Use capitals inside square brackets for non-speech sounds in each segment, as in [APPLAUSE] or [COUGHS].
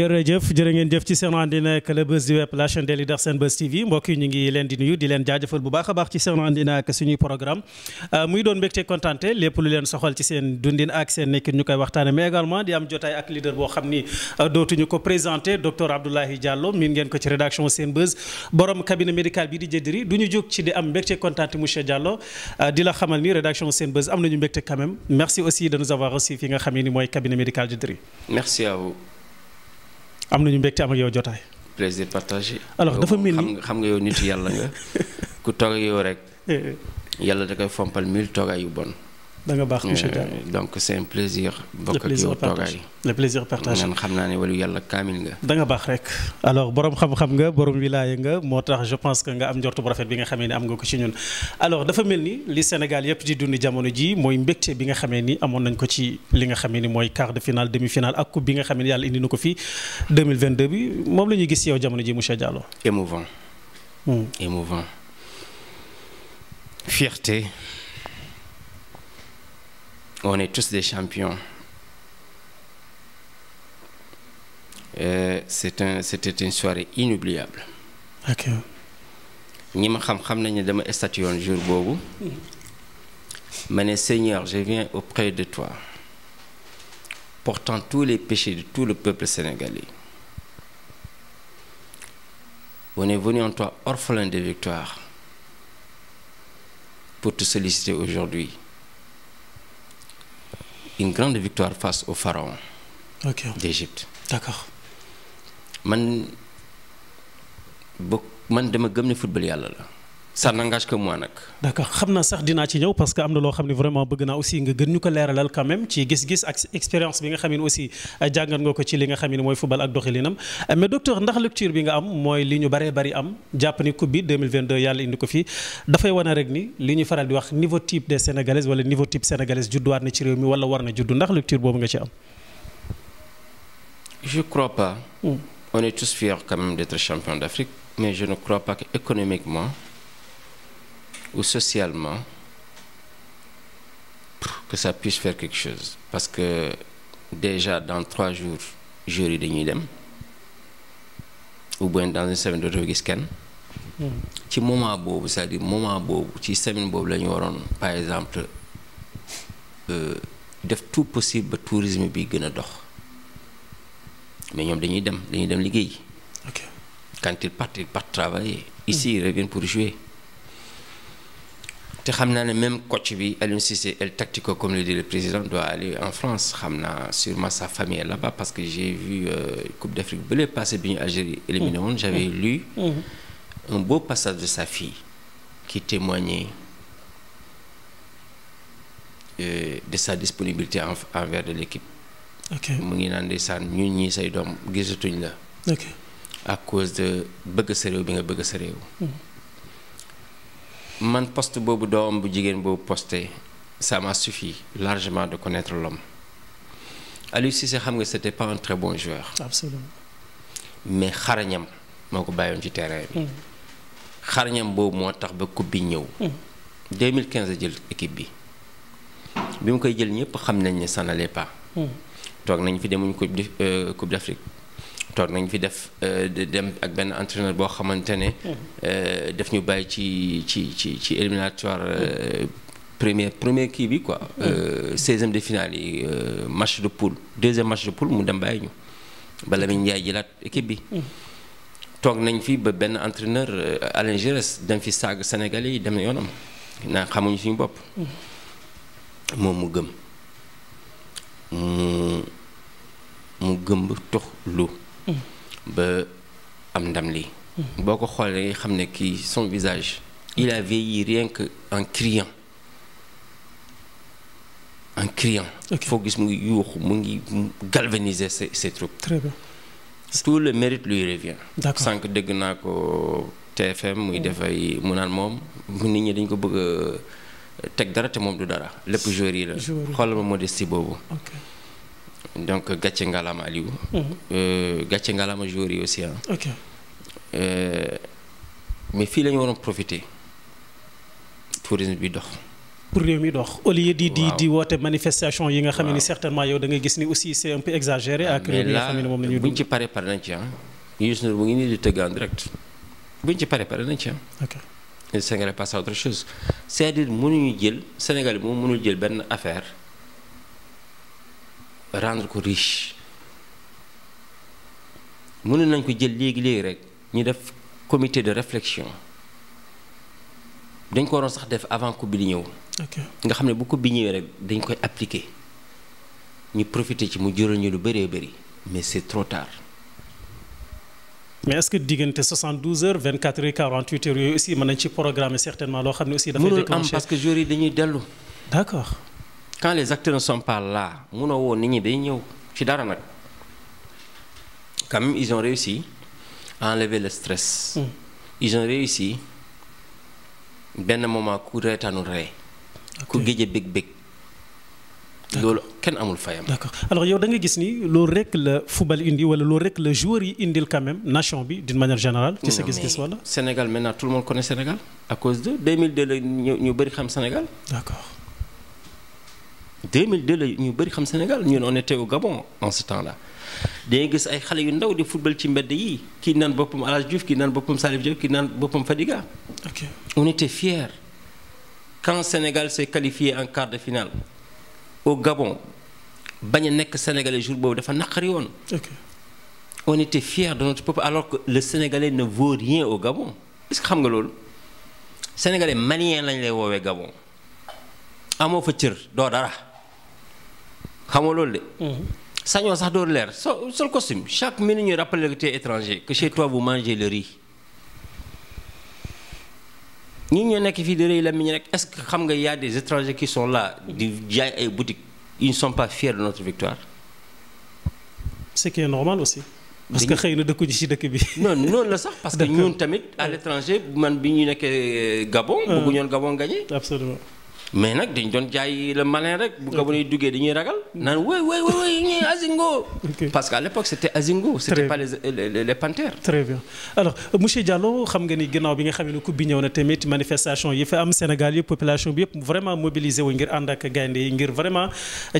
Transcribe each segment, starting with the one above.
jërëjëf jërë ngeen jëf ci seen àndina ak le buzz du web la chaîne des leaders Senbuzz TV mbokk yi ñu ngi leen di nuyu di leen jaajëfal bu baax a baax ci seen àndina ak suñuy programme euh, muy doon mbégte kontaante lépp lu leen soxal ci seen dundin ak seen nekkin ñu koy waxtaane mais également di am jotaay ak leader boo xam ni euh, dootuñu ko présenté docteur Abdoulaye Diallo miin ngeen ko ci rédaction Senbuzz borom cabinet médical bi di jëdëri du ñu jóg ci di am mbégte kontaante monsieur Diallo euh, di la xamal ni rédaction Senbuzz am nañu mbégte quand même merci aussi de nous avoir reçu fi nga xam ni mooy am nañu mbégte am ak yow jotaay. plaisir alors dafa mel ni xam nga yow nit yàlla nga [LAUGHS] ku toog yow rek. Eh, eh. yàlla da koy fompal mille toogaay yu bon. da nga baax monsieur Diallo euh, donc c'est un plaisir. bokk ak yow toogaay xam naa ne walu yàlla kaamil nga. da nga baax rek. alors borom xam-xam nga borom wilaaya nga moo tax je pense que nga am njortu bu rafet bi nga xamee ni am nga ko ci ñun. alors dafa mel ni li Sénégal yëpp di dund jamono ji mooy mbégte bi nga xamee ni amoon nañ ko ci li nga xamee ni mooy quart de finale demi final ak coupe bi nga xamee ni yàlla indi na ko fi moom la gis yow jamono ji monsieur Diallo. émouvant. Hmm. émouvant. fierté. on est tous des champions. Euh, c'est un c'était une soirée inoubliable. ok. ñi ma xam xam nañu ne dama statué woon jour boobu. mane ne Seigneur je viens auprès de toi portant tous les péchés de tout le peuple sénégalais. on est venu en toi orphelin de victoire pour te solliciter aujourd'hui une grande victoire face au pharaon okay. d'Égypte d'accord man bokk man dama gëm ne football yàlla la ça n'engage que moi nag. d'accord xam naa sax dinaa ci ñëw parce que am na loo xam ne vraiment bëgg naa aussi nga gën ñu ko leeralal quand même ci gis-gis ak expérience bi nga xam ne aussi euh, jàngat nga ko ci li nga xam ne mooy football ak doxalinam euh, mais docteur ndax lecture bi nga am mooy li ñu baree bari am jàpp ni coupe bi yàlla indi ko fi dafay wane rek ni li ñu faral di wax niveau type des sénégalaises wala niveau type sénégalaise judduwaat na ci réew mi wala war na juddu ndax lecture boobu nga ci am. je crois pas. Hmm. on est tous fiers quand même d'être ou socialement pour que ça puisse faire quelque chose parce que déjà dans trois jours yi dañuy dem ou bien dans une semaine dootoo gis kenn hmm. ci moment boobu cest dire moment boobu ci semaine boobu la ñu waroon par exemple euh, def tout possible ba tourisme bi gën a dox mais ñoom dañuy dem dañuy dem liggéey quand ils partent ils partent travailler ici ils reviennent pour jouer xam naa ne même coach bi Aliou Cissé El Tactico comme le dit le président doit aller en France xam naa sûrement sa famille est là-bas parce que j'ai vu euh, Coupe d'Afrique bële passé bi ñu Algérie éliminé mmh. woon j'avais mmh. lu mmh. un beau passage de sa fille qui témoignait euh, de sa disponibilité en, envers de l'équipe mu ngi naan ndeysaan ñu ñii say doom gisatuñ la à cause de bëgg sa réew bi nga bëgg sa réew man poste boobu doom bu jigéen boobu posté ça m'a suffi largement de connaître l'homme Aliou Cissé xam nga c'était pas un très bon joueur. absolument. mais xarañam moo ko bàyyoon ci terrain bi. Mm. xarañam boobu moo tax ba coupe bi ñëw. Mm. mille quinze jël équipe bi bi mu koy jël ñëpp xam nañ ni ça n'allait pas. Mm. toog nañ fi demuñ coupe euh, coupe d'Afrique. toog nañ fi def euh, dem ak benn entraîneur boo xamante ne. Mm. Euh, def ñu bàyyi ci ci ci ci éliminatoire. Euh, premier premier kii bi quoi. Mm. seizième de finale yi match de poule deuxième match de poule mu dem bàyyi ñu bala mi Ndiaye jëlaat équipe bi. Mm. toog nañ fi ba benn entraîneur Alain Giresse dem fi saag Sénégalais yi dem na yoonam naa xamuñu suñu bopp. moom mu gëm mu mu gëmb tox lu. ba am ndam lii. boo ko xoolee xam ne kii son visage il a vieilli rien que en criant en criant. foo gis mu ngi yuuxu mu ngi galvaniser ses ses troupes. tout le mérite lui revient. d'accord sànq dégg naa ko TFM muy mm. defay mu naan moom nit ñi dañ ko bëgg a teg dara te moom du dara lépp joueur yi la. xoolal ma modestie boobu. donc gàcce ngalaama Aliou. Mhm. Euh, gàcce ngalaama joueurs ok euh, mais fii la ñu waroon profité tourisme bi dox. pour réew mi dox au lieu di di di woote manifestation yi nga xam ne certainement yow da nga gis ni aussi c'est un peu ak réew mi nga xam ne moom la ñuy ci paree pare nañ ci ah. mu ngi nii di tëgg en direct buñ ci paree pare nañ ci ah. ok le Sénégal passe à autre chose c'est-à-dire mënuñu jël Sénégal moom mënul jël benn affaire. rendre ko riche mënoon nañ ko jël léegi léegi rek ñu def comité de réflexion dañ ko waroon sax def avant coupe bi di ñëw. nga xam ne bu coupe bi ñëwee rek dañ koy appliquer ñu profiter ci mu jural ñu lu bëree bëri mais c'est trop tard. mais est-ce que diggante 72 heures 24 yooyu aussi mën nañ ci programmer certainement loo xam ne aussi. dafay déclencher mënul am parce que jours yi dañuy dellu. quand les acteurs ne la pas là munoo woon nit ñi day ñëw ci dara nag quand même ils réussi enlever le stress. Mm. ils réussi benn moment ku reetaanu ree ku géej bég bég loolu kenn amul fayam. d'accord yow da nga gis ni loolu rek la football indi wala loolu rek la joueur yi indil quand même nation bi d'une manière générale. ci sa gis-gis wala. Sénégal maintenant tout le monde connaît Sénégal à cause de 2002 la ñu ñu xam Sénégal. 2002 ñu bëri xam Sénégal ñu on était au Gabon en ce temps gis ay xale yu ndaw di football ci mbedd yi kii naan boppam El Hadj kii naan boppam Salif Diop kii naan boppam Fadiga. ok on était fiers quand Sénégal en quart de finale au Gabon bañ a nekk sénégalais jour boobu dafa naqari woon. on était fiers de notre alors que le sénégalais ne vaut rien au Gabon est-ce xam nga loolu sénégalais malien lañ lay woowe Gabon amoo fa cër doo dara. xam nga loolu de. Mhm. sañoo sax doo leer so sol costume chaque minute ñu rappeler que tu es étranger que chez toi vous mangez le riz. ñu ñoo nekk fii di rëy la miñ rek est-ce que xam nga y des étrangers qui sont la di jaay ay boutiques ils ne sont pas fiers de notre victoire. ce qui est normal aussi. parce que xëy na dëkkuñu ci dëkk bi. non noonu sax parce que ñun tamit à l'étranger man bi ñu nekkee Gabon. Mhm. bëgguñoon Gabon gagné. absolument. mais nag dañ doon jaay le malin rek bu gabon duggee dañuy ragal naan woy woy woy ñi Azingo parce que à l'époque c'était Azingo c'était pas les les panthères très bien alors monsieur Diallo xam nga ni ginnaaw bi nga xam ne coupe bi ñëw na tamit manifestation yi fa am Sénégal yëpp population bi yëpp vraiment mobilisé wu ngir ànd ak gaynde yi ngir vraiment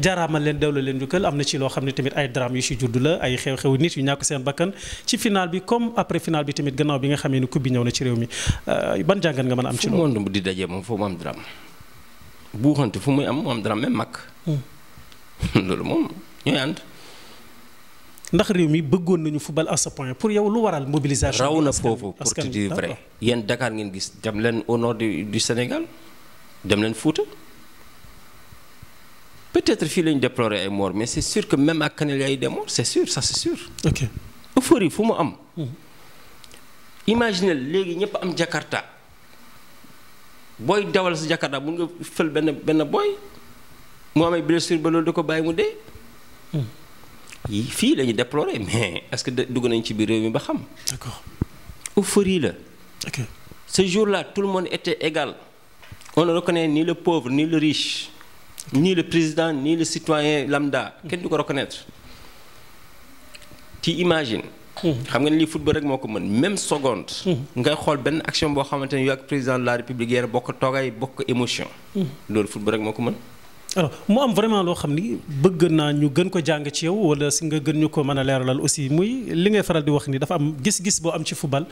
jaaraamal leen dawla leen jukkal am na ci loo xam ne tamit ay drame yu si juddu la ay xew-xew yu ñàkk seen bakkan ci final bi comme après final bi tamit gannaaw bi nga xam ne coupe bi ñëw na ci réew mi euh, ban jàngat nga mën di daje moom foo mu am buuxante fu muy am moom dara même mag. Hmm. [LAUGHS] loolu moom ñooy ànd. ndax réew mi bëggoon nañu football à ce point pour yow lu waral mobilisation. raw na foofu pour te dire vrai yéen Dakar ngeen gis dem leen au nord du Sénégal dem leen Fouta. peut-être fii lañu déplorer ay morts mais c'est sûr que même ak Kanel yaay des morts c'est sûr ça c'est sûr. ok euphorie fu mu am. Hmm. imaginez léegi ñëpp am Jakarta. booy dawal sa jakarta mun nga fël benn benn booy mu amee blessure ba loolu di ko bàyyi mu dee. Hmm. fii lañuy ñu déploré mais est-ce dugg nañ ci biir réew mi ba xam. d'accord euphorie la. ok ce jour la tout le monde était égal. on ne reconnaît ni le pauvre nii le riche. nii le président nii le citoyen lambda. kenn du ko reconnaître. tu imagines. xam nga ni lii football rek moo ko mën même seconde. Hmm. ngay xool benn action boo xamante ne yow ak président de la république yéen bokk toogaay bokk émotion. Hmm. loolu football rek moo ko mën. alors mu am vraiment loo xam ni bëgg naa ñu gën ko jàng ci yow wala si nga gën ñu ko mën a leeralal aussi muy li ngay faral di wax ni dafa am gis-gis boo am ci football.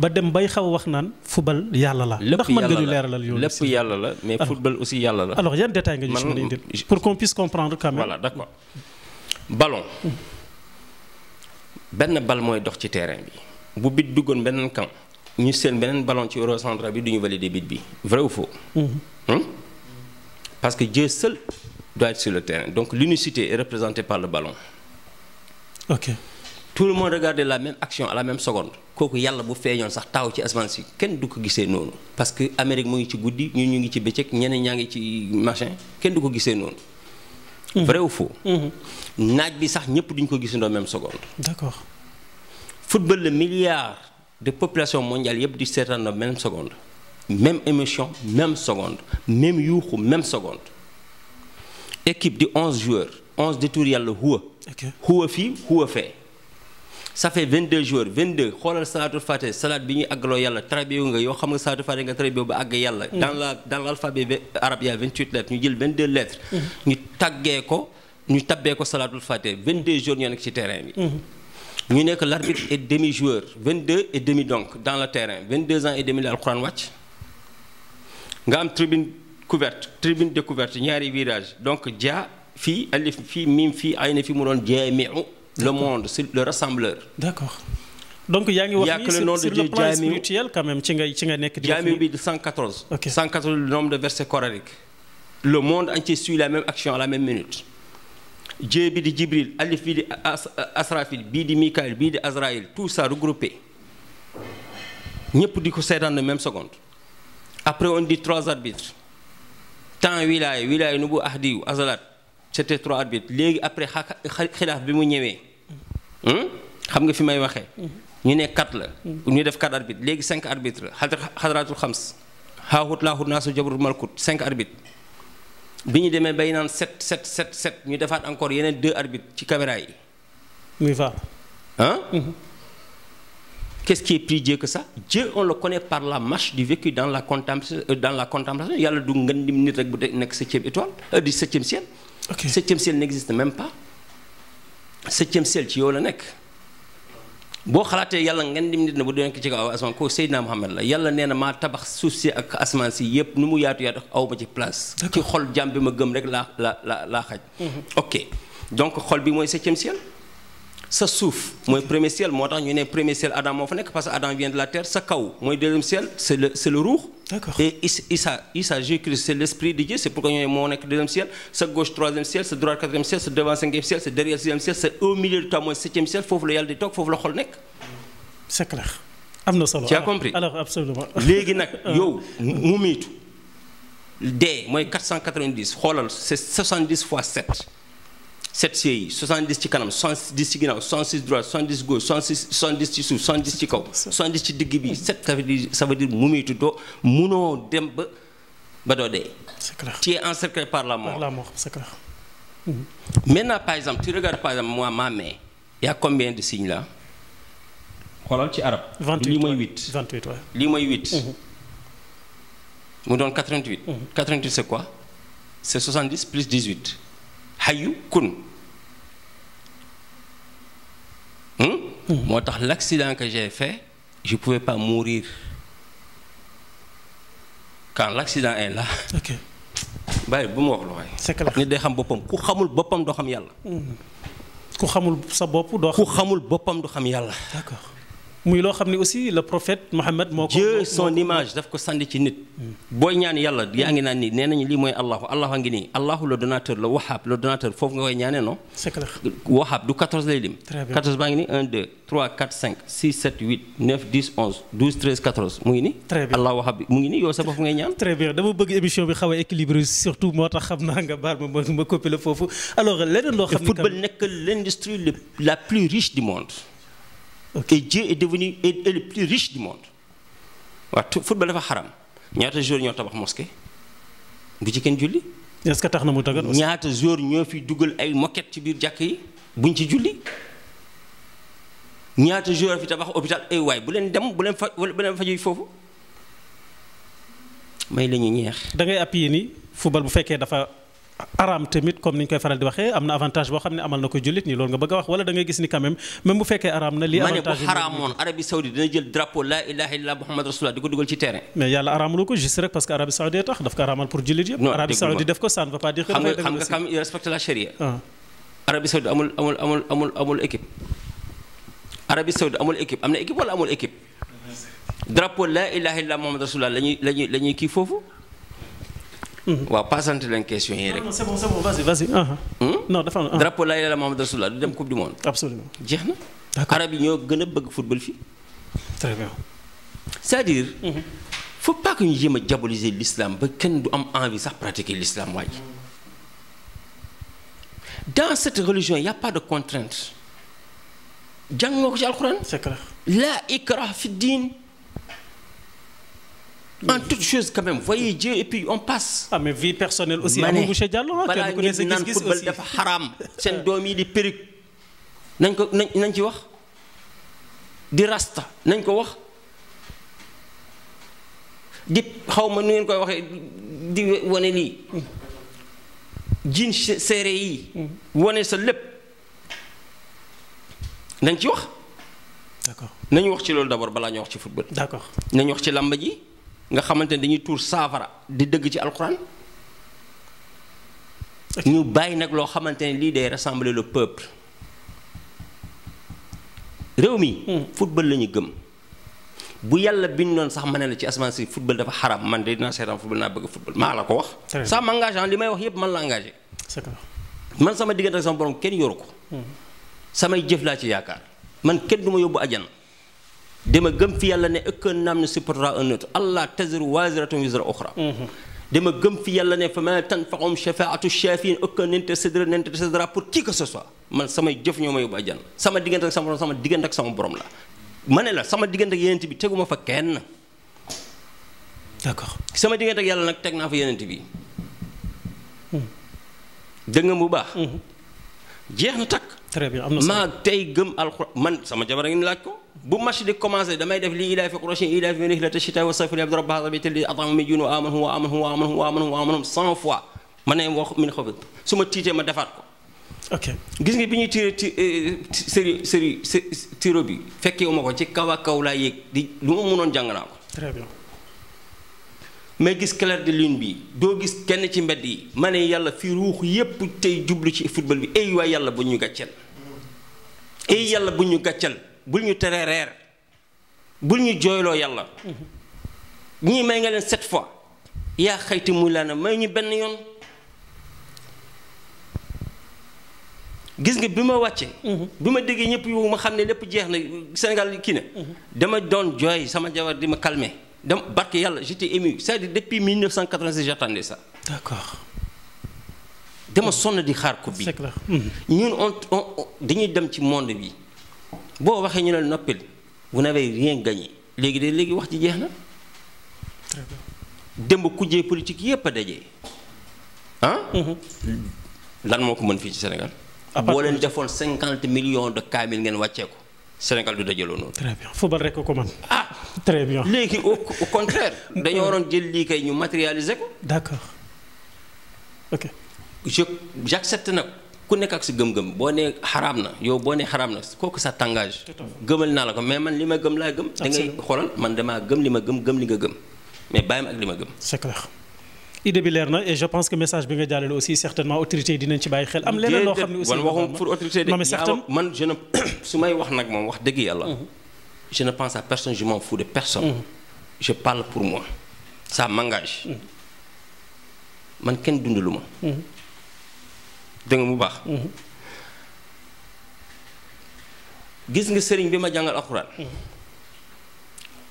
ba dem bay xaw a wax naan football yàlla la. ndax mën nga ñu leeralal yàlla la mais football aussi yàlla la. alo yan détail nga a indil benn bal mooy dox ci terrain bi bu bit duggoon beneen kam ñu seen beneen ballon ci euro central bi du ñu valider bit bi vrai ou faux mm-hmm. hmm? parce que Dieu seul doit su sur le terrain donc l'unicité est représentée par le ballon ok tout le monde regardait la même action la même seconde kooku yàlla bu feeñoon sax taaw ci asamaan si kenn du ko gisee noonu parce que Amérique mu ngi ci guddi ñu ñu ngi ci bëccëg ñeneen ñaa ngi ci machin kenn du ko gisee noonu Mhm. vrai ou faux. Mhm. naaj bi sax ñëpp duñ ko gisandoo même seconde. d'accord football le milliard de population mondiale yëpp di seetaandoo même seconde. même émission même seconde même yuuxu même seconde équipe di onze joueurs onze de tour yàlla huwa. huwa fii huwa fee. ça fait 22 jours 22 xoolal salaatul fatiha salaat bi ñuy àggaloo yàlla trabi nga yoo xam nga salaatul fatiha nga trabi ba àgg yàlla mm-hmm. dans la dans l'alphabet arabe y a 28 lettres ñu jël 22 lettres mm-hmm. ñu taggee ko ñu tabbee ko salaatul fatiha 22 jours ñoo nekk ci terrain bi mm-hmm. ñu nekk l'arbitre et demi joueur 22 et demi donc dans le terrain 22 ans et demi la alxuraan wàcc nga am tribune couverte tribune découverte ñaari virage donc jaa fii alif fii miim fii ay le monde c'est le rassembleur. d'accord yaa ngi wax ni sur, sur le plan spirituel quand même ci nga ci nga nekk. di jaami bi 114. ok 114 le nombre de versets coraniques. le monde entier suit la même action la même minute. Dieu bi di Jibril alif bi di Asrafil bii di Mikaël bii di Azraïl tout ça regroupé ñëpp di ko seetaan de même seconde. après on dit trois arbitres temps wilaay wilaay nubu ahdiyu azalat c'était trois arbitres léegi après xilaaf bi mu ñëwee hmm? xam nga fi may waxee mm-hmm. ñu ne quatre la mm-hmm. ñu def quatre arbitres léegi cinq arbitres xadratul xams xaaxut laaxut naa su jabrut malkut cinq arbitres bi ñu demee bay naan sept sept sept sept ñu defaat encore yeneen deux arbitres ci caméra yi muy faa ah mm-hmm. qu'est-ce qui est plus on le connaît par la marche du vécu dans la contemplation euh, dans la contemplation yàlla du ngeen dim nit rek bu de nekk septième étoile euh, du septième ciel ok septième ciel n'existe même pas septième ciel ci yow la nekk boo xalaatee yàlla ngeen dim nit na bu doon ci kaw asamaan kooku Seydina Muhammad la yàlla nee na maa tabax suuf si ak asamaan si yëpp nu mu yaatu yaatu aw ma ci place. ci xol jàmm bi ma gëm rek laa la la laa xaj. Mhm. ok donc xol bi mooy septième ciel. sa suuf mooy premier ciel moo tax ñu ne premier ciel Adam moo fa nekk parce que Adam de la terre sa kaw mooy deuxième ciel c'est ruux d'accord te Isa Isa Jésus-Christ c'est l'esprit de Dieu c'est pourquoi ñooy moo nekk deuxième ciel sa gauche troisième ciel sa droite quatrième ciel sa devant cinquième ciel sa derrière sixième ciel sa au milieu de toi mooy septième ciel foofu la yàlla di toog foofu la xol nekk. c'est clair na solo. tu as compris alors absolument léegi nag [LAUGHS] euh. yow mu miitu dee mooy 490 xoolal c'est 70 fois 7. 7 CI 70 ci kanam 70 ci ginnaaw 76 droite 70 gauche 76 ci suuf 70 ci kaw. 70 ci digg bi 7 ça veut dire ça veut mu muy tuddoo munoo dem ba ba doo dee. c'est clair tu es encerclé par la par la mort c'est clair. Mm-hmm. maintenant par exemple tu regardes par exemple moi ma main combien de signes là. xoolal ci arab. 28 lii li 8 28 waaw lii mooy 8. Mm-hmm. mu doon 88. 88 mm-hmm. c'est quoi c'est 70 plus 18. xayu kun hmm? hmm. moo tax l'accident que j'ai fait je pouvais pas mourir quand l'accident est la bàyyi bu mu wax lu waay c'est nit day xam boppam ku xamul boppam doo xam yàlla hmm. ku xamul sa bopp doo ku xamul boppam du xam yàlla muy loo xam ne aussi le prophète Mohammed moo ko Dieu son image daf ko sànni ci nit hmm. booy ñaan yàlla yaa ngi naan nii nee nañu lii mooy allahu allahu a ngi nii allahu le donateur le wahab le donateur foofu nga koy ñaanee non c'est du 14 lay lim 14 baa ngi nii 1 2 3 4 5 6 7 8 9 10 11 12 mu ngi nii très bien allah wahab bi mu ngi nii yow sa bopp ngay ñaan dama bëgg émission bi xaw équilibré surtout moo Et Dieu est devenu est, est le plus riche du monde waaw football dafa xaram ñaata joueur ñoo tabax mosquée bu ci kenn julli. est que tax na mu dagan ñaata joueur ñoo fi dugal ay moquette ci biir jàkk yi buñ ci julli ñaata joueur fi tabax hôpital ay eh, waay bu leen dem bu leen fa bu leen fajuy foofu may la ñu ñeex. da ngay appuyer ni football bu fekkee dafa. araam tamit comme ni ñu koy faral di waxee am na avantage boo xam ne amal na ko jullit nii loolu nga bëgg a wax wala da ngay gis ni quand même même bu fekkee araam na lii avantage ma ne bu xaraamoon Arabie Saoudite dina jël drapeau la ilaha illallah Muhammad rasulullah di ko dugal ci terrain mais yàlla araamlu ko juste rek parce que Arabie Saoudite tax daf ko araamal pour jullit yëpp Arabie Saoudite def ko ça ne veut pas dire que xam nga xam nga quand même il respecte la charia ah. Arabie Saoudite amul amul amul amul amul équipe Arabie Saoudite amul équipe am na équipe wala amul équipe drapeau la ilaha illallah Muhammad rasulullah lañuy lañuy la ñuy kii foofu Mhm. waaw passante leen question yi rek. non c'est bon c'est bon vas-y vas ah, ah. hmm? ah. drapeau laa ilaaha illallaah Muhammadu du dem coupe du monde. absolument jeex na. d'accord arab yi ñoo gën a bëgg football fii. très bien. dire mhm. faut pas ñu jéem a diaboliser ba kenn du am envie sax pratiquer l'islam waay. dans cette religion y a pas de contrainte. jàng nga ko ci alxuraan. c'est laa ikraaha fi diin. en toute chose quand même voyez Dieu et puis on passe. ah mais vie personnelle aussi. ma ne monsieur Diallo ah kenn dafa xaraam. [LAUGHS] seen doom yi di périg nañ ko nañ nañ ci wax di rasta nañ ko wax di xaw ma nu ngeen koy waxee di wone lii. jiin séeré yi. wane sa lépp nañ ci wax. d'accord nañu wax ci loolu d'abord balaa ñu wax ci football. d'accord nañu wax ci làmba ji. nga xamante ne dañuy tuur saafara di dëgg ci alxuraan ñu bàyyi nag loo xamante ne lii day rassembler le peuple réew mi. Hmm. football la ñu gëm. bu yàlla bindoon sax ma ne la ci asamaan si football dafa xaram man de dinaa seetaan football naa bëgg football maa la ko wax. ça m'engage li may wax yépp man la engagé. man sama diggante ak sama borom kenn yoru ko. Hmm. samay jëf laa ci yaakaar man kenn du yóbbu ajana dama gëm fi yàlla ne aucun naam ne supportera un autre allah taziru waziratun wizra ukhra mhm. dama gëm fi yàlla ne fa ma tanfa'um shafaatu shafiin aucun intercédeur n'intercédera pour qui que ce soit man sama jëf ñoo ma yóbbu àjjana sama diggante ak sama borom sama diggante ak la ma ne la sama diggante ak yenent bi teguma fa kenn d'accord sama diggante ak yàlla nag teg naa fa yenent bi mhm. dégg bu baax mhm. jeex na takk très bien am maa tey gëm alxuraan man sama jabar a ngi laaj ko bu match di commencé damay def li ilaafi Qurayshin ilaafi min rihlati shitaa'i wa sayfi liya'budu rabba haadha l-bayti alladhi at'amahum min juu'in wa aamanahum wa aamanahum wa aamanahum wa aamanahum wa aamanahum cent fois ma ne wax min xawf su ma tiitee ma defaat ko. gis nga bi ñuy tiré ti eh, série série tiro bi fekkee uma ko ci kaw ak kaw yéeg di lu ma mënoon jàng naa ko. très mais gis clair de lune bi doo gis kenn ci mbedd yi ma ne yàlla fi ruux yépp tey jublu ci football bi ay waay yàlla bu ñu gàcceel ay yàlla bul ñu tere reer bul ñu jooyloo yàlla ñii may nga leen sept fois yaa xayti muy laana may ñu benn yoon gis nga bi ma wàccee bi ma déggee ñëpp yu ma xam ne lépp jeex na Sénégal kii na dama doon jooy sama jabar di ma calmer dama barke yàlla j'étais ému c'est-à-dire depuis 1986 j'attendais ça d'accord dama sonn di xaar coupe bi ñun on dañuy dem ci monde bi boo waxee ñu ne noppil vous n'avez rien gagné léegi de léegi wax ci jeex na démb kujjee politique yépp a daje ah lan moo ko mën fii ci Sénégal boo leen defoon cinquante million de kaamil ngeen wàccee ko Sénégal du dajaloo noonu. très bien football rek ko man. ah très bien léegi au contraire. [LAUGHS] dañoo waroon jël lii kay ñu matérialiser ko. d'accord ok. je j'accepte nag. ku nekk ak si gëm-gëm boo nee xaraam na yow boo nee xaram na kooku sa tàngaaj gëmal naa la ko mais man li ma gëm laa gëm da ngay xoolal man damaa gëm li ma gëm gëm li nga gëm mais bàyyi ma ak li ma gëm c'est clair idée bi leer na et pense que message bi nga jàllale aussi certainement autorité yi dinañ ci bàyyi xel am leneen loo xam ne aussi waxuma pour autorité de non [COUGHS] su may wax nag moom wax dëgg yàlla mm-hmm. je ne pense à personne je m'en de personne mm-hmm. je parle pour moi ça m'engage mm-hmm. man kenn lu ma dégg bu baax. Mhm. gis nga sëriñ bi ma jàngal alxuraan. Mhm.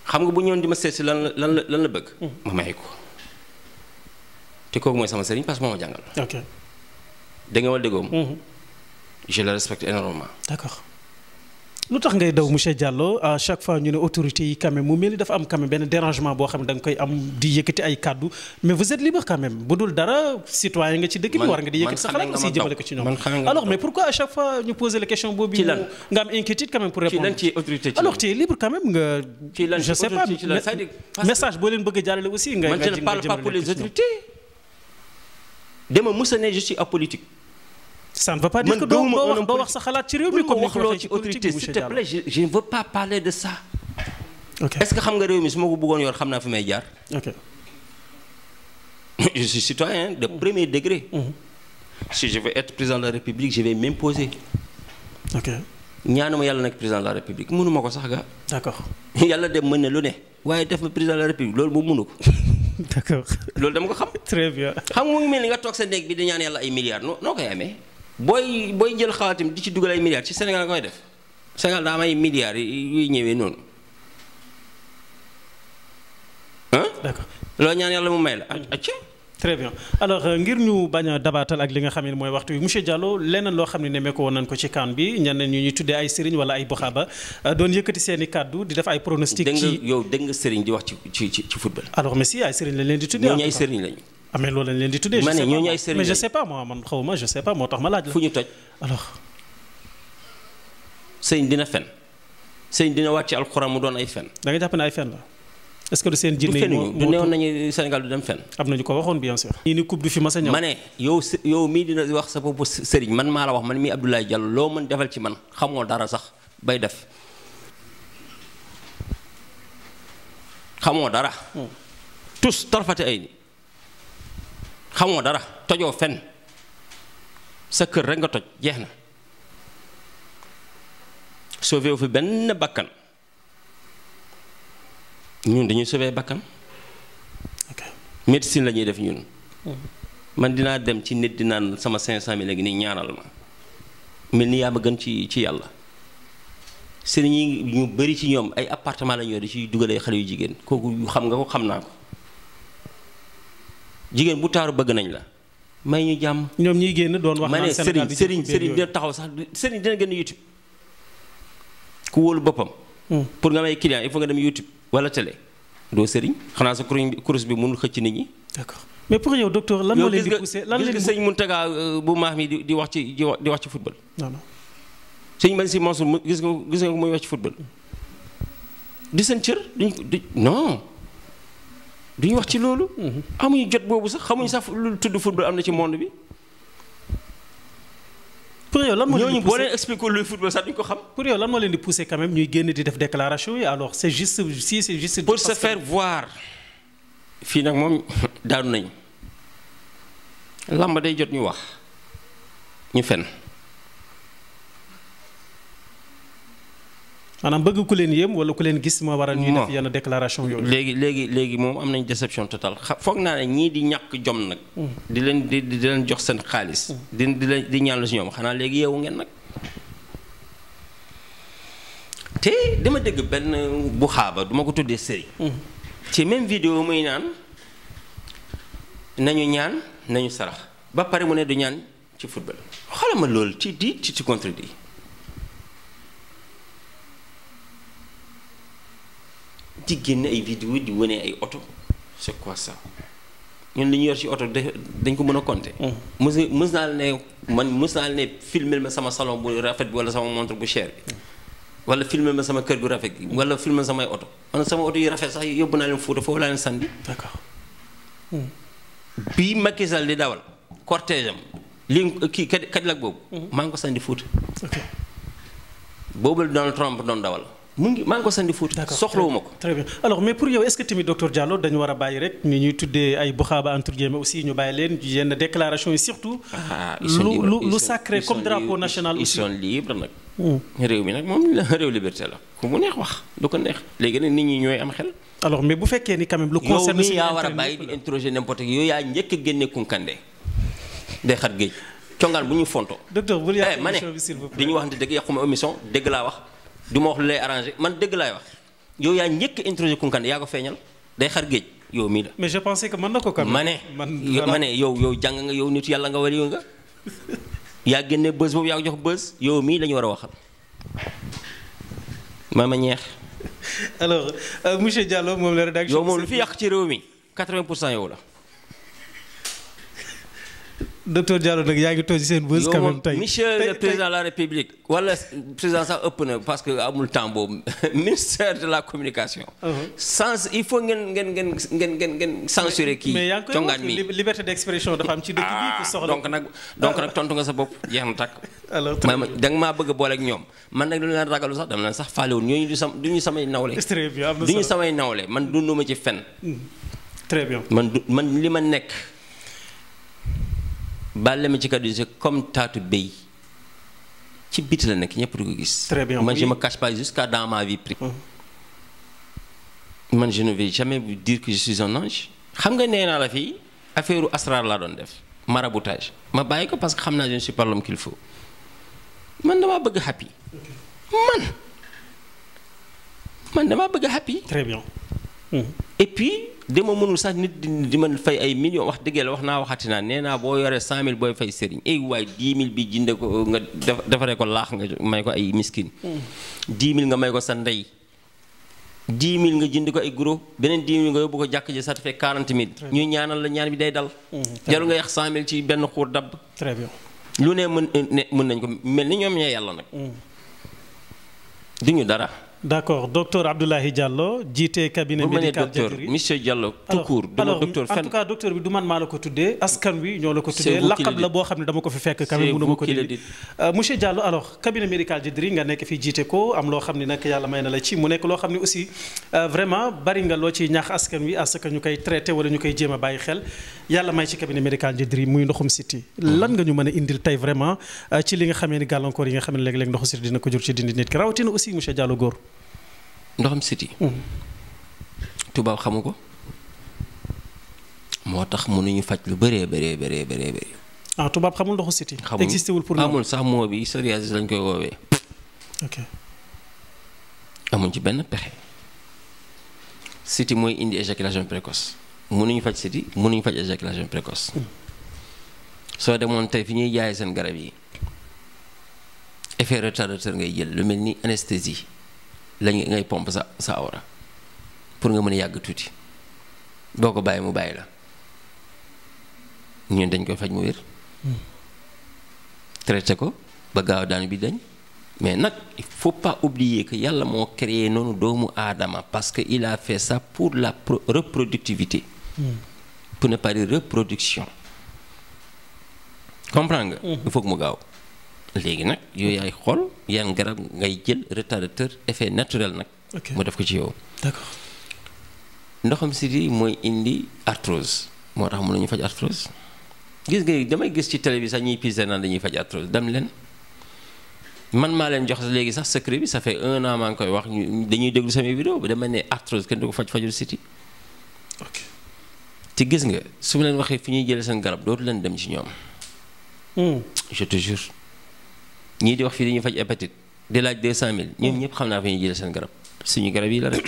xam nga bu ñëwoon di ma seet si lan la lan la bëgg. Mhm. ma may ko te kooku mooy sama sëriñ parce moo ma jàngal. ok dégg nga déggoom. je le respecte énormément. lu tax ngay daw monsieur Diallo à chaque fois ñu ne autorité yi quand mu mel ni dafa am quand benn dérangement boo xam ne da nga koy am di yëkkati ay kàddu mais vous êtes libre quand même bu dul dara citoyen nga ci dëkk bi war nga di yëkkati sa xalaat aussi jëmale ko ci ñoom alors mais pourquoi nga am inquiétude quand pour répondre alors tu libre quand nga je sais message boo leen bëgg a jàllale aussi nga je ne parle pas pour les autorités musa ne je suis apolitique ça ne veut pas dire que doo wax doo wax sa xalaat ci réew mi comme wax loo ci autorité s'il te de ça. ok est que xam nga réew mi su ma ko bëggoon yor xam naa fi may jaar. ok [LAUGHS] je suis citoyen de mm. premier degré. Mm-hmm. si je veux être président de la république je vais m'imposer. ok ñaanuma yàlla nekk président de la république mënuma ko sax ga. d'accord [LAUGHS] yàlla dem mën na lu ne. waaye def ma président de la république loolu moom mënu ko. [LAUGHS] loolu dama ko xam. très bien. xam nga mu ngi sa néeg bi di ñaan yàlla ay milliards noo noo koy amee. booy booy jël xaatim di ci dugal ay milliards ci Sénégal nga koy def Sénégal daa am ay milliards yuy ñëwee noonu. ah d'accord loo ñaan yàlla mu may la acca euh, ngir ñu bañ a dabaatal ak li nga xam ne mooy waxtu wi monsieur Diallo leneen loo xam ne nemmeeku woon nañ ko ci kan bi ñeneen ñu ñuy tuddee ay sëriñ wala ay boxaaba euh, doon yëkkati seen kàddu di def ay pronostic. ci yow dégg nga sëriñ di wax ci ci ci football. alors mais si ay sëriñ la leen di tuddee. ñooñu ay sëriñ lañu. amee ah, loolu lañ leen di tuddee. ma ne ay sëriñ mais je sais pas moi man xaw ma je moo tax ma laaj la. fu ñu toj alors. sëñ dina fen sëñ dina wàcc alxuraan mu doon ay fen. da nga jàpp ne ay fen la. est que du seen jinne yi moo du neewoon nañu Sénégal du dem fen am na ñu ko waxoon bien sûr. ñii ni fi mas a ñëw. ma ne yow mii dina wax sa bopp sëriñ man maa la wax man mii Abdoulaye Diallo loo man defal ci man xamoo dara sax bay def xamoo dara. Hmm. tous tarfate ay ni xamoo dara tojoo fen sa kër rek nga toj jeex na sauvé wu fi benn bakkan ñun dañuy sauvé bakkan médecine la ñuy def ñun hmm. man dinaa dem ci nit di naan sama cinq cent mille léegi ni ñaanal ma mel ni yaa ma gën ci ci yàlla sëriñ yi ñu bëri ci ñoom ay appartement la ñoo di ci dugalee xale yu jigéen kooku xam nga ko xam naa ko jigéen bu taaru bëgg nañ la may ñu jàmm. ñoom ñuy génn doon wax. ma ne Serigne Serigne dina taxaw sax Serigne dina gën a YouTube ku wóolu boppam. Hmm. pour nga may client il faut nga dem YouTube wala télé. doo Serigne xanaa sa course bi mënul xëcc nit ñi. d'accord mais pour yow docteur lan moo leen di poussé lan leen di euh, bu maax mi di wax ci di wax ci football. non non sëñ Mbène Sy Mansour gis nga gis nga ko muy wax ci football. di seen cër duñ ko non. duñu wax ci loolu. Mhm. amuñu jot boobu sax xamuñu sax lu tudd football am na ci monde bi. pour yow lan moo leen di poussé ñooñu boo leen expliqué luy football sax duñ pour lan moo leen di poussé quand même ñuy génn di def déclaration yi alors c'est juste si c'est juste. pour se faire voir. fii nag moom daanu nañ. làmb day jot ñu wax ñu fen maanaam bëgg ku leen yéem wala ku leen gis moo waral ñuy def yenn déclaration yooyu léegi léegi léegi moom am nañ déception totale foog naa ne ñii di ñakk jom nag mm. di leen di di leen jox seen xaalis mm. di di leen di ñaanlu si ñoom xanaa léegi yeewu ngeen nag te dama dégg benn bu xaaba duma ko tuddee sëriñ mm. ci même vidéo muy naan nañu ñaan nañu sarax ba pare mu ne du ñaan ci football xoolal ma loolu ci di ci ci contredit di génn ay vidéo di wane ay oto c'est quoi ça ñun li ñu yor si oto dañ ko mën a compter. Mm. mës mës naa la ne man mës naa la ne filmer ma sama salon bu rafet bi wala sama montre bu cher bi mm. wala filmer ma sama kër bu rafet gi wala filmer ma samay oto man sama oto yi rafet sax yóbbu naa leen Fuuta foofu laa leen sandi. d'accord mm. bii di dawal cortège am li kii kat kat la boobu. maa ngi ko sandi Fuuta. boobu la Donald Trump doon dawal. mu ngi maa ngi ko sandi Fuuta. d'accord soxlawuma ko. très bien alors mais pour yow est-ce que tamit docteur Diallo dañu war a bàyyi rek ni ñuy tuddee ay buxaaba entre guillemets aussi ñu bàyyi leen yenn déclaration yi surtout. Ah, lu lu lu sacré comme drapeau national. aussi ils hmm. moom réew neex wax lu ko neex léegi nag nit am xel. alors mais bu fekkee ni quand même lu. concerne yow mii yaa war a bàyyi di interroger a bu ñu fonto. docteur bu ñu yàq émission bi s'il vous plaît ma ne dañu dëgg laa wax du ma wax lu lay arrangé man dëgg laay wax yow yaa njëkk introduire Kounkandé yaa ko feeñal day xar géej yow mii la. je pensais que mën na ko kan. ma ne ma ne yow yow jàng nga yow nitu yàlla nga war yow nga. yaa génne bës boobu yaa ko jox bës yow mii la war a waxal ma ma ñeex. [LAUGHS] alors euh, monsieur Diallo moom la rédaction. yow moom lu fi yàq ci réew mi 80 pour cent yow la. docteur Diallo nag yaa ngi toog ci seen bës quand même tey monsieur président de la république wala président sax ëpp na parce que amul temps boobu [LAUGHS] ministère de la communication uh-huh. sans il faut ngeen ngeen ngeen ngeen ngeen ngeen censurer kii congaan mi liberté d'expression dafa am ci dëkk bi ku soxla ah, donc nag donc nag tontu nga sa bopp jeex na takk [LAUGHS] alors da maa bëgg a boole ak ñoom man nag lu leen ragalu sax dama leen sax faalewul ñooñu du sam samay nawle du ñu samay nawle man dunduma ci fen hmm. très bien man man li ma nekk bàlle ma ci kàddu yi c'est comme tatu béy ci biti la nekk ñëpp di ko gis. très bien man je me cache mm. jamais vous dire que je suis un ange. xam nga nee naa la fii affaire asrar laa doon def maraboutage ma bàyyi ko parce que xam naa je ne suis pas l'homme qu'il faut man damaa bëgg happy man man damaa bëgg happy. très et puis ma mënul sax nit di man fay ay millions wax dëgg yàlla wax naa waxati naa nee naa boo yoree 100000 booy fay sëriñ ay eh waay 10000 bi jënde ko nga defaree ko laax nga may ko ay miskin 10000 hmm. nga may ko sa ndey mill nga jind ko ay guro beneen 10000 nga yóbbu ko jàkk ji ça te fait 40000 ñuy ñaanal la ñaan bi day dal hmm, jarul nga yàq 100000 ci benn xuur dabb très lu ne mën ne mën nañ ko mel ni ñoom ñee yàlla nag hmm. ñu dara d'accord docteur Abdoulaye Diallo jiite cabinet médical docteur monsieur Diallo tout court duma docteur bi du man maa la ko tuddee askan wi ñoo la ko la boo xam ne dama ko fi fekk quand même mënuma ko dindi euh, monsieur nga nekk fii jiite ko am loo xam ne nag yàlla may na la ci mu nekk loo xam ne aussi euh, vraiment bari nga loo ci ñaax askan wi à ce que koy traité wala ñu koy jéem a bàyyi xel yàlla may ci cabinet médical Jadri muy ndoxum siti mm-hmm. lan nga ñu mën a indil tey vraiment euh, ci li nga xamee ni gàllankoor yi nga xam ne léeg-léeg ndoxu siti dina ko jur ci dindi nit ki rawatina aussi monsieur Diallo Góor ndoxam siti mm. tubaab xamu ko moo tax ñu faj lu baree bëree bëree bëree bëri. Ah, tubaab xamul ndoxu siti. xamul existé wul pour amul sax moo bi psoriasis lañ koy woowee. ok ci benn pexe. siti mooy indi éjaculation précoce mënuñu faj siti mënuñu faj éjaculation précoce. Mm. soo demoon tey fi ñuy jaaye seen garab yi effet retardateur ngay jël lu mel ni anesthésie. lañ ngay pomp sa sa awra pour nga mën yàgg tuuti boo ko bàyyi mu bàyyi la ñun dañ koy faj mu wér hmm. traité ko ba gaaw daanu bi dañ mais nag il faut pas oublier que yàlla moo créer noonu doomu aadama parce que il a fait ça pour la reproductivité hmm. pour ne pas dire reproduction comprends nga hmm. il faut mu gaaw léegi nag yooyu yaay xool yan garab ngay jël retardateur effet naturel nag. mu def ko ci yow. d'accord ndoxam siti mooy indi arthrose moo tax mën ñu faj arthrose. gis nga damay gis ci télé bi sax ñuy pisé naan dañuy faj arthrose dem leen man maa leen jox léegi sax secret bi ça fait maa ngi koy wax ñu dañuy déglu samay vidéo ba dama ne arthrose kenn du ko faj fajul siti ok te gis nga su ma leen waxee fi ñuy jëlee seen garab dootu leen dem ci ñoom. Hmm. je te jure. ñii di wax fii dañuy faj hépatite di laaj 200000 ñoom ñëpp xam naa fa ñuy jëlee seen garab suñu garab yi la rek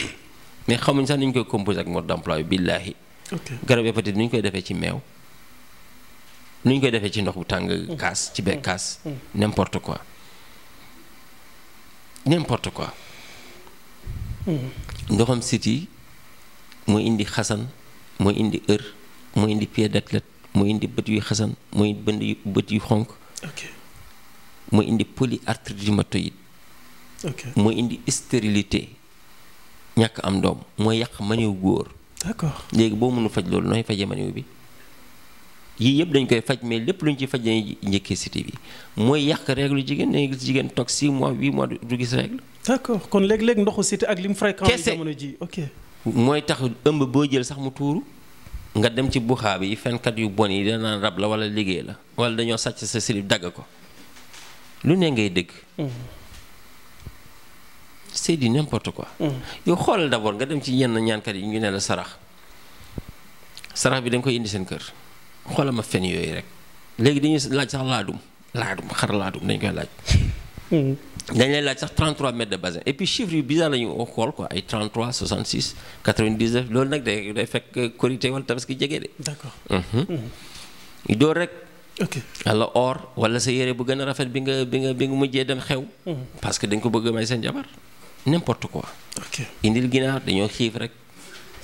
mais xamuñ sax ni koy composé ak mode d'emploi bi billaahi. garab hépatite nu koy defee ci meew. nu koy defee ci ndox bu tàng. kaas ci beeg kaas. Mm. Mm. n'importe quoi n'importe quoi. Mm. ndoxam siti mooy indi xasan mooy indi heure mooy indi pied d'athlète mooy indi bët yu xasan mooy indi bët yu xonk. mooy indi polyarthrite rhumatoïde mooy indi stérilité ñàkk am doom mooy yàq maniw góor d'accord léegi boo mënul faj loolu nooy faje maniw bi yii yëpp dañ koy faj mais lépp lu ñu ci faj dañuy njëkkee cité bi mooy yàq règle jigéen dañuy gis jigéen toog 6 mois 8 mois du gis règle d'accord kon léeg-léeg ndoxu cité ak lim fréquent jamono ji ok mooy tax ëmb boo jël sax mu tuuru nga dem ci buxaa yi fenkat yu bon yi danaan rab la wala liggéey la wala dañoo sàcc sa silib dagg ko lu ne ngay dégg. Mm. c'est du n'importe quoi. Mm. yow xoolal d'abord nga dem ci yenn ñaankat yi ñu ne la sarax sarax bi dañ nga koy indi seen kër xoolal ma fen yooyu rek léegi dañuy laaj sax laadum laadum xar laadum dañ koy laaj. Mm. dañ lay laaj sax 33 mètres de bassin et puis chiffres yu bizarre la ñu xool ko ay 33 66 99 loolu nag day day fekk korité wala tabaski jege de. d'accord. Mhm. rek. ok or wala sa yére bu gën a rafet bi nga bi nga bi nga mujjee dem xew. Hmm. parce que dañ ko bëgg may seen jabar n'importe quoi. ok indil ginaar dañoo xiif rek.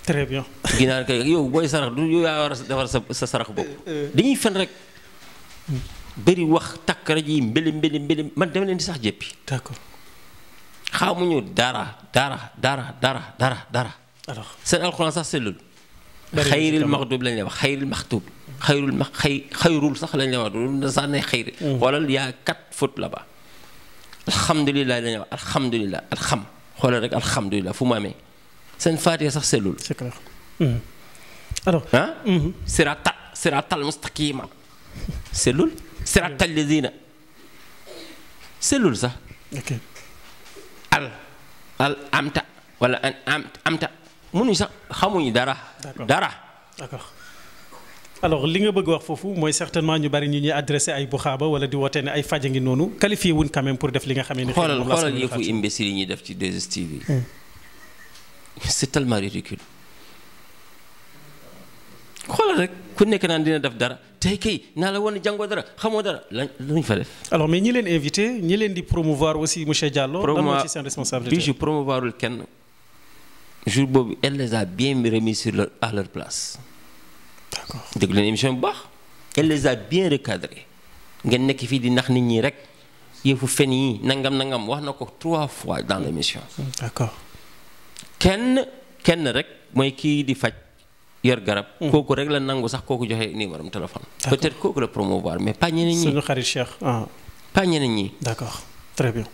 très bien. ginaar kay yow booy sarax du yow yaa war a defar sa sa sarax bopp. Eh, eh, eh. dañuy fen rek. Hmm. bëri wax takk rajo yi mbële mbële mbële man dama leen di sax jéppi. d'accord xamuñu dara dara dara dara dara dara. alors seen alxuraan sax sellul. xayril maxduub lañ lay wax xayril maxduub xayrul ma xay sax lañ la wax du sànne xayri xoolal mm. yaa kat fóot la ba alhamdulilah lañ la wax alhamdulilah alxam xoolal rek alhamdulilah fu mu amee seen faatiha sax sellul c'est clair mm. alors ah mm-hmm. sirata siratal mustaqima sellul siratal lazina sax al amta wala an amta munuñ sax xamuñ dara alors li nga bëgg wax foofu mooy certainement ñu bari ñu ñuy adressé ay buxaaba wala di woote ne ay faj a ngi noonu qualifié wuñ quand même pour def li nga xamee ne. xoolal xoolal yëfu hmm. ku nekk naan dina def dara tey kay naa la woon jàngoo dara xamoo dara lañ luñ fa def. alors mais ñi leen invité ñi leen di promouvoir aussi monsieur Diallo. promouvoir ci seen responsabilité bi kenn jour boobu elle a bien remis sur leur à leur place. d'accord déglu leen émission bu baax. elle les a bien recadrés ngeen nekk fii di nax nit ñi rek yëfu fen yi nangam nangam wax na ko trois fois dans l'émission. d'accord kenn kenn rek mooy kii di faj. yor garab hmm. kooku rek la nangu sax kooku joxe numéro téléphone. peut-être kooku la promouvoir mais pas ñeneen ñi. suñu xarit Cheikh ah. pas ñeneen ñi. d'accord très bien.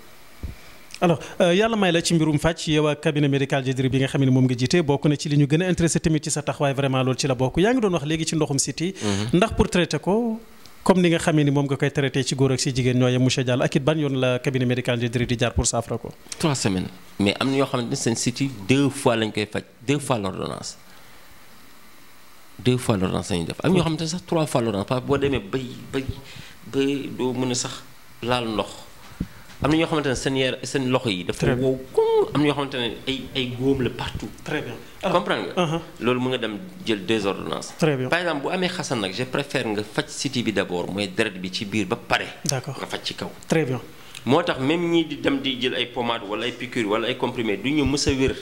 alors euh, yàlla may la ci mbirum fàcc yow ak cabinet médical Djeddah bi nga xam ne moom nga jiite bokk na ci li ñu gën a intéressé tamit ci sa taxawaay vraiment loolu ci la bokk yaa ngi doon wax léegi ci ndoxum siti mhm. ndax pour traiter ko comme ni nga xamee ni moom nga koy traité ci góor ak si jigéen ñooyee monsieur Diallo ak it ban yoon la cabinet médical Djeddah di jaar pour saafara ko. trois semaines mais am na yoo xamante ne seen siti deux fois lañ koy faj deux fois l'ordonnance deux fois l'ordonnance ñoo xamante ne sax trois fois l'ordonnance parce que boo sax laal ndox. am na ñoo xamante ne seen yer seen loxo yi. dafa wow koŋ am na ñoo xamante ay ay góom la partout. très bien nga. Uh-huh. loolu mu nga dem jël deux ordonnances. très bien par exemple bu amee xasan nag je préfère nga faj cité bi d' abord mooy deret bi ci biir ba pare. nga faj ci kaw. très bien moo tax même ñii di dem di jël ay pommades wala ay piqûres wala ay comprimés du ñu mës a wér.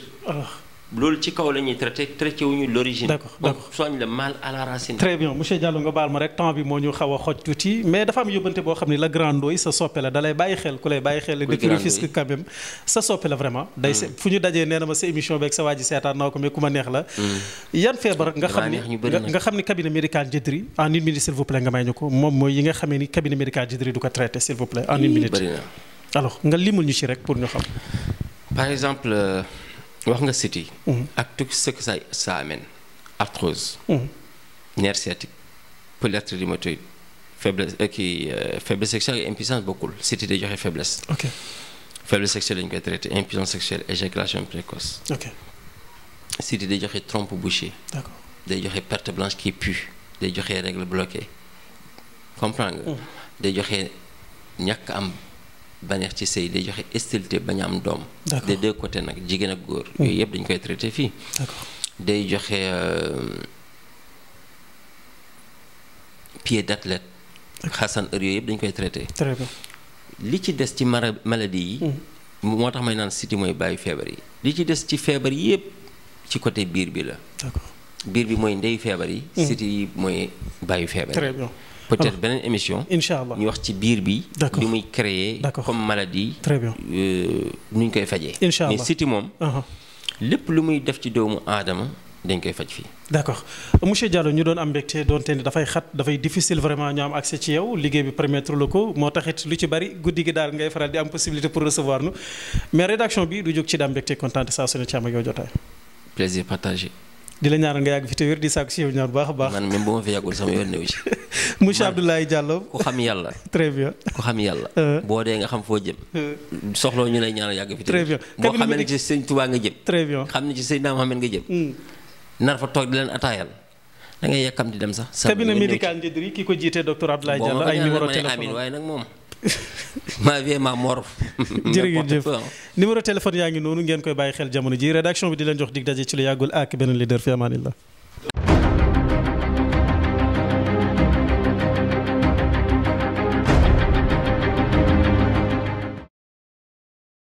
loolu ci kaw la ñuy traité traité wuñu l'origine. d'accord d'accord soigne le mal à la racine. ñu xaw a xoj tuuti mais dafa am yóbbante boo xam ne la grand doy sa soppe la da lay bàyyi xel ku lay bàyyi xel. ku grand doy quand même sa soppe la vraiment. day hmm. ñu dajee nee na ma sa émission beeg sa waa ji seetaan naa ko mais ku ma neex la. Hmm. yan feebar nga xam ni nga xam moom mooy yi nga xamee ni cabinet médical Djedri du ko traité s'il vous plaît hmm, nga limul ci rek pour ñu xam. wax nga city mm-hmm. ak tout ce sa ça ça amène arthrose mm-hmm. nerf sciatique polyarthrite rhumatoïde faiblesse kii euh, euh, faiblesse sexuelle et impuissance bokkul city day joxe faiblesse ok faiblesse sexuelle lañu koy traité impuissance sexuelle éjaculation précoce ok city day joxe trompe bouchée d'accord day joxe perte blanche qui pue day joxe règle bloquée comprendre mm-hmm. day joxe ñàkk am baneex ci sëy day joxe stérilité bañ am doom des deux côtés nag jigéen ak góor hmm. yooyu yëpp dañ koy traité fii day joxe euh, pied d'athlète xasan heure yooyu yëpp dañ koy traité li ci des ci mara maladie yi hmm. moo tax may naan siti mooy bàyyi feebar yi li ci des ci feebar yëpp ci côté biir bi la biir bi mooy ndeyu feebar yi hmm. siti mooy bàyyi feebar yi peut-être beneen émission. incha allah ñu wax ci biir bi. li muy créer comme maladie. très bien euh, nu ñu koy fajee. incha allah mais siti moom. Uh-huh. lépp lu muy def ci doomu aadama dañ koy faj fii. d' accord monsieur Diallo ñu doon am mbégte doonte ni dafay xat dafay difficile vraiment ñu am accès ci yow liggéey bi permettre la ko moo taxit lu ci bari guddi gi daal ngay faral di am possibilité pour recevoir nu mais rédaction bi du jóg ci daam mbégte kontaan saa su ne ci am ak yow jotaay. plaisir di la ñaanal nga yàgg fi te wér di sàkku si yow ñaar baax baax. man même bu ma fi yàggul sama yoon newu ci. [LAUGHS] monsieur Abdoulaye Diallo. ku [LAUGHS] ku xam yàlla. Euh. boo dee nga xam foo jëm. Euh. soxloo ñu lay ñaanal yàgg fi. très bien boo xamee ne ci sëñ Tuubaa nga jëm. très bien xam ne ci sëñ Naam Mohamed nga jëm. Hmm. nar fa toog di ataayal. da ngay yàkkamti dem sax. cabinet médical Ndidri ki ko jiite docteur Abdoulaye Diallo ay waaye nag moom [LAUGHS] ma vie ma mort. [LAUGHS] jërëjëf numéro téléphone yaa ngi noonu ngeen koy bàyyi xel jamono ji redaction bi di leen jox dig daje ci lu yàggul ak beneen leader fi amaanillah